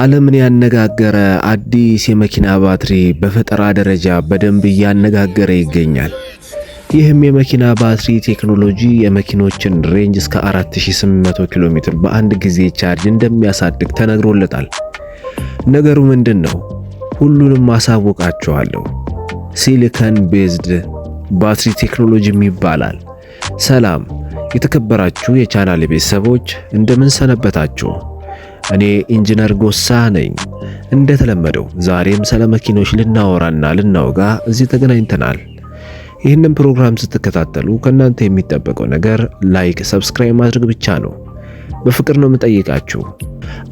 ዓለምን ያነጋገረ አዲስ የመኪና ባትሪ በፈጠራ ደረጃ በደንብ እያነጋገረ ይገኛል። ይህም የመኪና ባትሪ ቴክኖሎጂ የመኪኖችን ሬንጅ እስከ 4800 ኪሎ ሜትር በአንድ ጊዜ ቻርጅ እንደሚያሳድግ ተነግሮለታል። ነገሩ ምንድን ነው? ሁሉንም አሳውቃችኋለሁ። ሲሊከን ቤዝድ ባትሪ ቴክኖሎጂም ይባላል። ሰላም የተከበራችሁ የቻናል ቤተሰቦች እንደምን ሰነበታችሁ? እኔ ኢንጂነር ጎሳ ነኝ። እንደተለመደው ዛሬም ስለ መኪኖች ልናወራና ልናወጋ እዚህ ተገናኝተናል። ይህንን ፕሮግራም ስትከታተሉ ከእናንተ የሚጠበቀው ነገር ላይክ፣ ሰብስክራይብ ማድረግ ብቻ ነው። በፍቅር ነው የምጠይቃችሁ።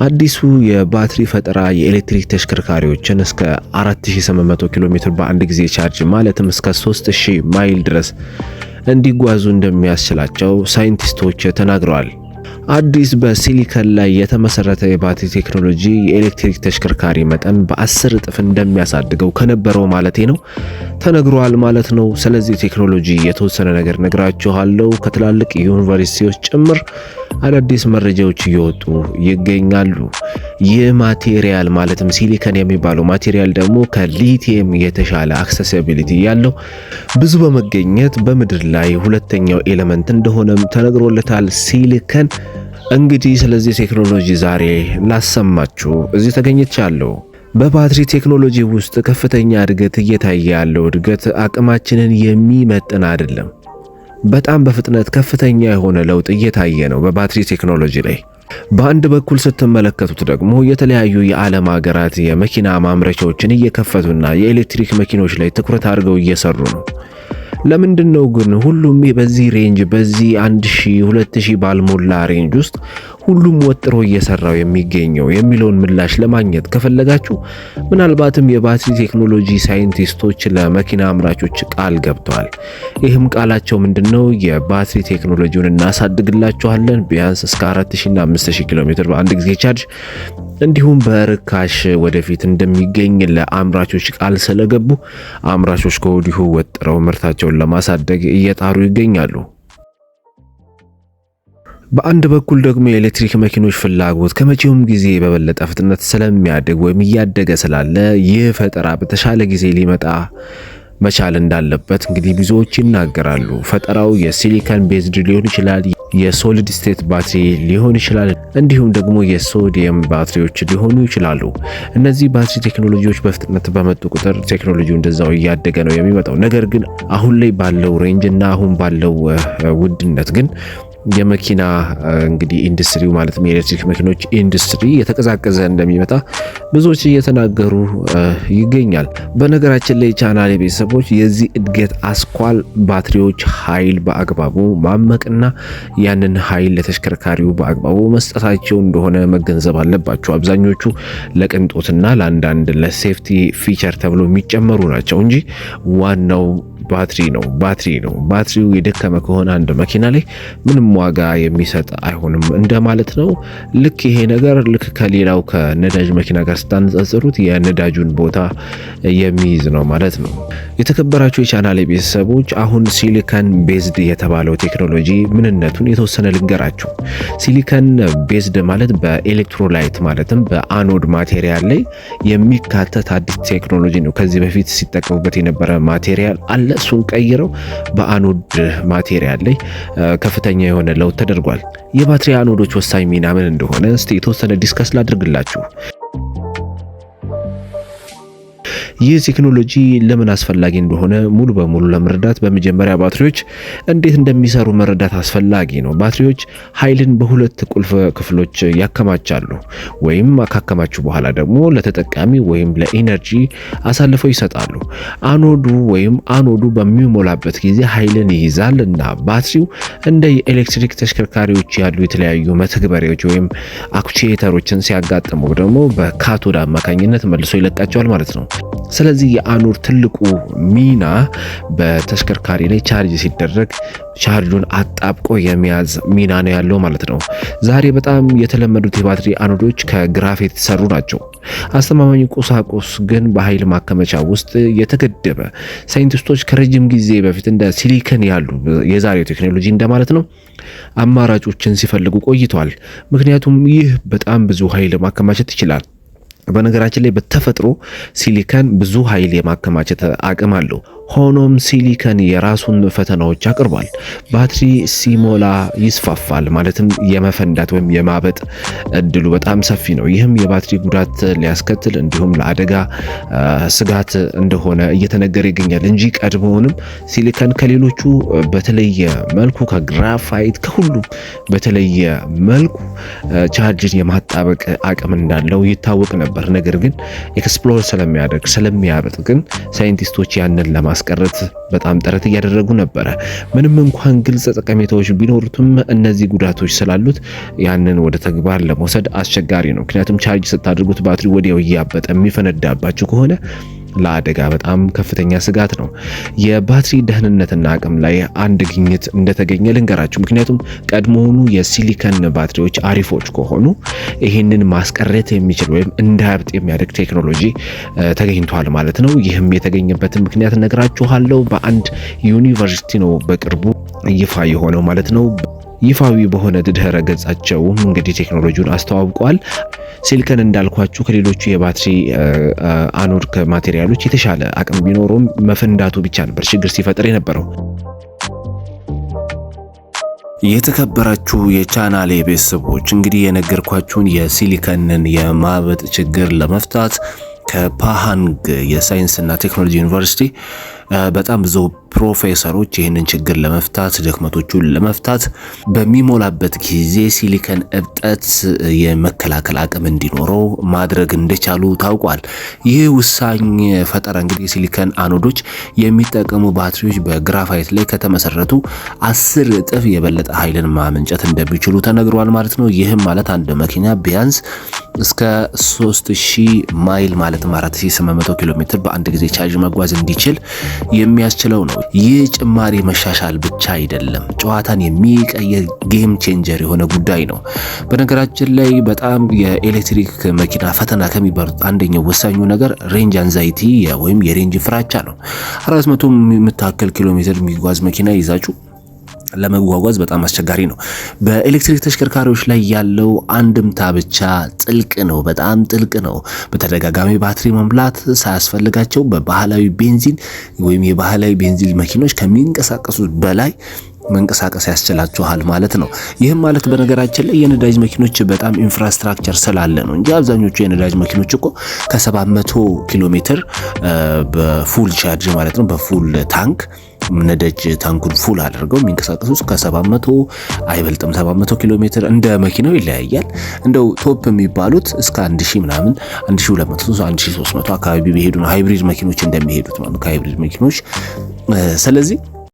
አዲሱ የባትሪ ፈጠራ የኤሌክትሪክ ተሽከርካሪዎችን እስከ 4800 ኪሎ ሜትር በአንድ ጊዜ ቻርጅ ማለትም እስከ 3000 ማይል ድረስ እንዲጓዙ እንደሚያስችላቸው ሳይንቲስቶች ተናግረዋል። አዲስ በሲሊከን ላይ የተመሰረተ የባትሪ ቴክኖሎጂ የኤሌክትሪክ ተሽከርካሪ መጠን በአስር እጥፍ እንደሚያሳድገው ከነበረው ማለቴ ነው ተነግሯል ማለት ነው። ስለዚህ ቴክኖሎጂ የተወሰነ ነገር ነግራችኋለሁ። ከትላልቅ ዩኒቨርሲቲዎች ጭምር አዳዲስ መረጃዎች እየወጡ ይገኛሉ። ይህ ማቴሪያል ማለትም ሲሊከን የሚባለው ማቴሪያል ደግሞ ከሊቲየም የተሻለ አክሰሲቢሊቲ ያለው ብዙ በመገኘት በምድር ላይ ሁለተኛው ኤሌመንት እንደሆነም ተነግሮለታል ሲሊከን እንግዲህ ስለዚህ ቴክኖሎጂ ዛሬ ላሰማችሁ እዚህ ተገኝቻለሁ። በባትሪ ቴክኖሎጂ ውስጥ ከፍተኛ እድገት እየታየ ያለው እድገት አቅማችንን የሚመጥን አይደለም። በጣም በፍጥነት ከፍተኛ የሆነ ለውጥ እየታየ ነው በባትሪ ቴክኖሎጂ ላይ። በአንድ በኩል ስትመለከቱት ደግሞ የተለያዩ የዓለም ሀገራት የመኪና ማምረቻዎችን እየከፈቱና የኤሌክትሪክ መኪኖች ላይ ትኩረት አድርገው እየሰሩ ነው። ለምንድን ነው ግን ሁሉም በዚህ ሬንጅ በዚህ 1000 2000 ባልሞላ ሬንጅ ውስጥ ሁሉም ወጥሮ እየሰራው የሚገኘው የሚለውን ምላሽ ለማግኘት ከፈለጋችሁ ምናልባትም የባትሪ ቴክኖሎጂ ሳይንቲስቶች ለመኪና አምራቾች ቃል ገብተዋል። ይህም ቃላቸው ምንድነው? የባትሪ ቴክኖሎጂውን እናሳድግላችኋለን ቢያንስ እስከ 4000 እና 5000 ኪሎ ሜትር በአንድ ጊዜ ቻርጅ እንዲሁም በርካሽ ወደፊት እንደሚገኝ ለአምራቾች ቃል ስለገቡ አምራቾች ከወዲሁ ወጥረው ምርታቸውን ለማሳደግ እየጣሩ ይገኛሉ። በአንድ በኩል ደግሞ የኤሌክትሪክ መኪኖች ፍላጎት ከመቼውም ጊዜ በበለጠ ፍጥነት ስለሚያድግ ወይም እያደገ ስላለ ይህ ፈጠራ በተሻለ ጊዜ ሊመጣ መቻል እንዳለበት እንግዲህ ብዙዎች ይናገራሉ። ፈጠራው የሲሊካን ቤዝድ ሊሆን ይችላል፣ የሶሊድ ስቴት ባትሪ ሊሆን ይችላል፣ እንዲሁም ደግሞ የሶዲየም ባትሪዎች ሊሆኑ ይችላሉ። እነዚህ ባትሪ ቴክኖሎጂዎች በፍጥነት በመጡ ቁጥር ቴክኖሎጂው እንደዛው እያደገ ነው የሚመጣው። ነገር ግን አሁን ላይ ባለው ሬንጅ እና አሁን ባለው ውድነት ግን የመኪና እንግዲህ ኢንዱስትሪው ማለት የኤሌክትሪክ መኪኖች ኢንዱስትሪ የተቀዛቀዘ እንደሚመጣ ብዙዎች እየተናገሩ ይገኛል። በነገራችን ላይ ቻናል ቤተሰቦች የዚህ እድገት አስኳል ባትሪዎች ኃይል በአግባቡ ማመቅና ያንን ኃይል ለተሽከርካሪው በአግባቡ መስጠታቸው እንደሆነ መገንዘብ አለባቸው። አብዛኞቹ ለቅንጦትና ለአንዳንድ ለሴፍቲ ፊቸር ተብሎ የሚጨመሩ ናቸው እንጂ ዋናው ባትሪ ነው ባትሪ ነው። ባትሪው የደከመ ከሆነ አንድ መኪና ላይ ምንም ዋጋ የሚሰጥ አይሆንም እንደማለት ነው። ልክ ይሄ ነገር ልክ ከሌላው ከነዳጅ መኪና ጋር ስታነጻጽሩት የነዳጁን ቦታ የሚይዝ ነው ማለት ነው። የተከበራቸው የቻናል ቤተሰቦች አሁን ሲሊከን ቤዝድ የተባለው ቴክኖሎጂ ምንነቱን የተወሰነ ልንገራችሁ። ሲሊከን ቤዝድ ማለት በኤሌክትሮላይት ማለትም በአኖድ ማቴሪያል ላይ የሚካተት አዲስ ቴክኖሎጂ ነው። ከዚህ በፊት ሲጠቀሙበት የነበረ ማቴሪያል አለ እሱን ቀይረው በአኖድ ማቴሪያል ላይ ከፍተኛ የሆነ ለውጥ ተደርጓል። የባትሪ አኖዶች ወሳኝ ሚና ምን እንደሆነ እስቲ የተወሰነ ዲስከስ ላድርግላችሁ። ይህ ቴክኖሎጂ ለምን አስፈላጊ እንደሆነ ሙሉ በሙሉ ለመረዳት በመጀመሪያ ባትሪዎች እንዴት እንደሚሰሩ መረዳት አስፈላጊ ነው። ባትሪዎች ኃይልን በሁለት ቁልፍ ክፍሎች ያከማቻሉ ወይም ካከማቹ በኋላ ደግሞ ለተጠቃሚ ወይም ለኢነርጂ አሳልፈው ይሰጣሉ። አኖዱ ወይም አኖዱ በሚሞላበት ጊዜ ኃይልን ይይዛል እና ባትሪው እንደ የኤሌክትሪክ ተሽከርካሪዎች ያሉ የተለያዩ መተግበሪያዎች ወይም አክቹዌተሮችን ሲያጋጥሙ ደግሞ በካቶድ አማካኝነት መልሶ ይለቃቸዋል ማለት ነው። ስለዚህ የአኑር ትልቁ ሚና በተሽከርካሪ ላይ ቻርጅ ሲደረግ ቻርጁን አጣብቆ የሚያዝ ሚና ነው ያለው ማለት ነው። ዛሬ በጣም የተለመዱት የባትሪ አኖዶች ከግራፌት የተሰሩ ናቸው። አስተማማኝ ቁሳቁስ ግን በኃይል ማከመቻ ውስጥ የተገደበ ሳይንቲስቶች ከረጅም ጊዜ በፊት እንደ ሲሊከን ያሉ የዛሬው ቴክኖሎጂ እንደማለት ነው አማራጮችን ሲፈልጉ ቆይተዋል። ምክንያቱም ይህ በጣም ብዙ ኃይል ማከማቸት ይችላል። በነገራችን ላይ በተፈጥሮ ሲሊከን ብዙ ኃይል የማከማቸት አቅም አለው። ሆኖም ሲሊከን የራሱን ፈተናዎች አቅርቧል። ባትሪ ሲሞላ ይስፋፋል፣ ማለትም የመፈንዳት ወይም የማበጥ እድሉ በጣም ሰፊ ነው። ይህም የባትሪ ጉዳት ሊያስከትል እንዲሁም ለአደጋ ስጋት እንደሆነ እየተነገረ ይገኛል እንጂ ቀድሞውንም ሲሊከን ከሌሎቹ በተለየ መልኩ ከግራፋይት ከሁሉም በተለየ መልኩ ቻርጅን የማጣበቅ አቅም እንዳለው ይታወቅ ነበር። ነገር ግን ኤክስፕሎር ስለሚያደርግ ስለሚያበጥ ግን ሳይንቲስቶች ያንን ለማ ለማስቀረት በጣም ጥረት እያደረጉ ነበረ። ምንም እንኳን ግልጽ ጠቀሜታዎች ቢኖሩትም እነዚህ ጉዳቶች ስላሉት ያንን ወደ ተግባር ለመውሰድ አስቸጋሪ ነው። ምክንያቱም ቻርጅ ስታደርጉት ባትሪ ወዲያው እያበጠ የሚፈነዳባችሁ ከሆነ ለአደጋ በጣም ከፍተኛ ስጋት ነው። የባትሪ ደህንነትና አቅም ላይ አንድ ግኝት እንደተገኘ ልንገራችሁ። ምክንያቱም ቀድሞውኑ የሲሊከን ባትሪዎች አሪፎች ከሆኑ ይህንን ማስቀረት የሚችል ወይም እንዳያብጥ የሚያደግ ቴክኖሎጂ ተገኝቷል ማለት ነው። ይህም የተገኘበትን ምክንያት ነግራችኋለሁ። በአንድ ዩኒቨርሲቲ ነው በቅርቡ ይፋ የሆነው ማለት ነው። ይፋዊ በሆነ ድረ ገጻቸውም እንግዲህ ቴክኖሎጂውን አስተዋውቋል። ሲሊከን እንዳልኳችሁ ከሌሎቹ የባትሪ አኖድ ማቴሪያሎች የተሻለ አቅም ቢኖረውም መፈንዳቱ ብቻ ነበር ችግር ሲፈጥር የነበረው። የተከበራችሁ የቻናሌ ቤተሰቦች እንግዲህ የነገርኳችሁን የሲሊከንን የማበጥ ችግር ለመፍታት ከፓሃንግ የሳይንስና ቴክኖሎጂ ዩኒቨርሲቲ በጣም ብዙ ፕሮፌሰሮች ይህንን ችግር ለመፍታት ድክመቶቹን ለመፍታት በሚሞላበት ጊዜ ሲሊከን እብጠት የመከላከል አቅም እንዲኖረው ማድረግ እንደቻሉ ታውቋል። ይህ ውሳኝ ፈጠራ እንግዲህ ሲሊከን አኖዶች የሚጠቀሙ ባትሪዎች በግራፋይት ላይ ከተመሰረቱ አስር እጥፍ የበለጠ ኃይልን ማመንጨት እንደሚችሉ ተነግሯል ማለት ነው። ይህም ማለት አንድ መኪና ቢያንስ እስከ 3000 ማይል ማለትም 4800 ኪሎ ሜትር በአንድ ጊዜ ቻርጅ መጓዝ እንዲችል የሚያስችለው ነው። ይህ ጭማሪ መሻሻል ብቻ አይደለም፣ ጨዋታን የሚቀየር ጌም ቼንጀር የሆነ ጉዳይ ነው። በነገራችን ላይ በጣም የኤሌክትሪክ መኪና ፈተና ከሚባሉት አንደኛው ወሳኙ ነገር ሬንጅ አንዛይቲ ወይም የሬንጅ ፍራቻ ነው። 400 የምታክል ኪሎ ሜትር የሚጓዝ መኪና ይዛችሁ ለመጓጓዝ በጣም አስቸጋሪ ነው። በኤሌክትሪክ ተሽከርካሪዎች ላይ ያለው አንድምታ ብቻ ጥልቅ ነው፣ በጣም ጥልቅ ነው። በተደጋጋሚ ባትሪ መምላት ሳያስፈልጋቸው በባህላዊ ቤንዚን ወይም የባህላዊ ቤንዚን መኪኖች ከሚንቀሳቀሱት በላይ መንቀሳቀስ ያስችላችኋል ማለት ነው። ይህም ማለት በነገራችን ላይ የነዳጅ መኪኖች በጣም ኢንፍራስትራክቸር ስላለ ነው እንጂ አብዛኞቹ የነዳጅ መኪኖች እኮ ከ700 ኪሎ ሜትር በፉል ቻርጅ ማለት ነው በፉል ታንክ ነደጅ ታንኩን ፉል አድርገው የሚንቀሳቀሱ እስከ 700 አይበልጥም 700 ኪሎ ሜትር እንደ መኪናው ይለያያል። እንደው ቶፕ የሚባሉት እስከ 1000 ምናምን 1200 1300 አካባቢ ቢሄዱ ነው ሃይብሪድ መኪኖች እንደሚሄዱት ማለት ከሃይብሪድ መኪኖች ስለዚህ